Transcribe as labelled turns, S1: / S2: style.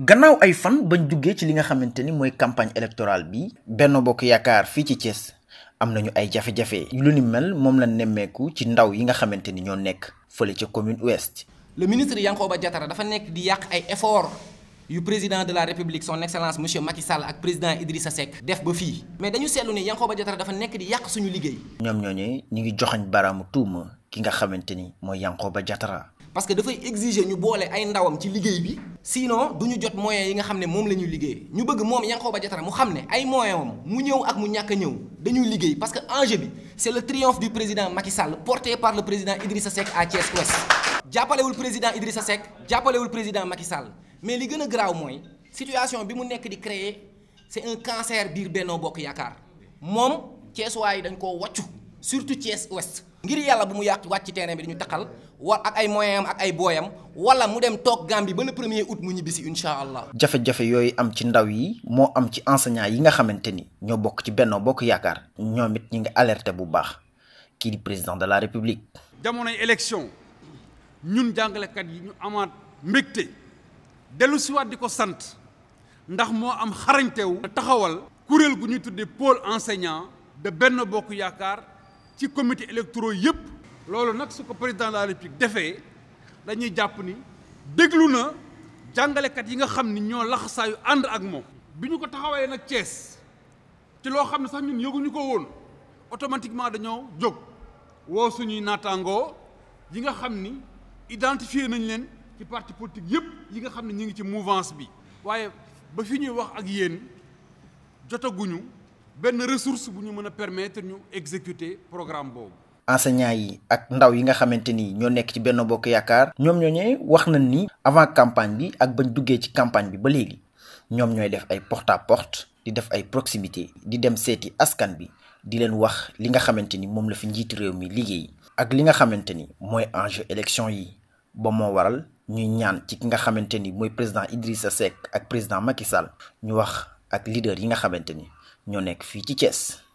S1: gannaaw ay fan bañ duggee ci li nga xamante ni mooy campagne électorale bi benn Bokk Yaakaar fii ci cees am nañu ay jafe-jafe lu ni mel moom la nemmeeku ci ndaw yi nga xamante ni ñoo nekk fële ca commune ouest
S2: le ministre ba jatara dafa nekk di yàq ay effort yu président de la république son excellence monsieur Macky Sall ak président Idrissa Seck def ba fii mais dañu seetlu ni ba Diattara dafa nekk di yàq suñu liggéey
S1: ñoom ñooñu ñu ngi joxañ baraamu tuuma ki nga xamante ni mooy Yankhoba Diattara
S2: parce que dafay exiger ñu boole ay ndawam ci liggéey bi sinon du ñu jot moyens yi nga xam ne moom la ñuy liggéey ñu bëgg moom Yankhoba Diattara mu xam ne ay moyens am mu ñëw ak mu ñàkk ñëw dañuy liggéey parce que enjeu bi c'est le triomphe du président Macky Sall porté par le président Idrissa Seck à Thiès Ouest. jàppalewul président Idrissa Seck jàppalewul président Macky Sall mais li gën a garaaw mooy situation bi mu nekk di créer c'est un cancer biir Benno Bokk Yaakaar moom Thiès waay dañ koo wàccu. surtout Thiès ouest ngir yàlla bu mu yàqu wàcc ci terrain bi dañu taxal war ak ay moyen ak ay booyam wala mu dem toog Gambie ba le premier août mu ñibbisi incha
S3: allah.
S1: jafe-jafe yooyu am ci ndaw yi moo am ci enseignants yi nga xamante ni ñoo bokk ci Benno Bokk Yaakaar ñoom it ñu ngi alerté bu baax kii di président de la république.
S3: jamonoy élection ñun jàngalekat yi ñu amaat mbégte dellu siwaat di ko sant ndax moo am xarañteewu taxawal kuréel gu ñuy tuddee pôle enseignant de Benno Bokk Yaakaar. ci comité électoraux yëpp. loolu nag su ko président de la république defee dañuy jàpp ni déglu na jàngalekat yi nga xam ni ñoo laxasaayu ànd ak moom. bi ñu ko taxawee nag cees ci loo xam ne sax ñun yëguñu ko woon automatiquement dañoo jóg woo suñuy naataangoo yi nga xam ni identifié nañ leen ci parti politique yëpp yi nga xam ne ñu ngi ci mouvance bi waaye ba fi ñuy wax ak yéen jotaguñu. benn ressource bu ñu mën a permettre ñu exécuter programme boobu.
S1: enseignants yi ak ndaw yi nga xamante ni ñoo nekk ci benn bokk yaakaar. ñoom ñooñee wax nañ ni. avant campagne bi ak bañ duggee ci campagne bi ba léegi ñoom ñooy def ay porta à porte di def ay proximité di dem seeti askan bi di leen wax li nga xamante ni moom la fi njiitu réew mi liggéey. ak li nga xamante ni mooy enjeu élection yi ba moo waral ñuy ñaan ci ki nga xamante ni mooy président Idrissa Seck ak président Macky Sall ñu wax ak leader yi nga xamante ni. ñoo nekk fii ci Thiès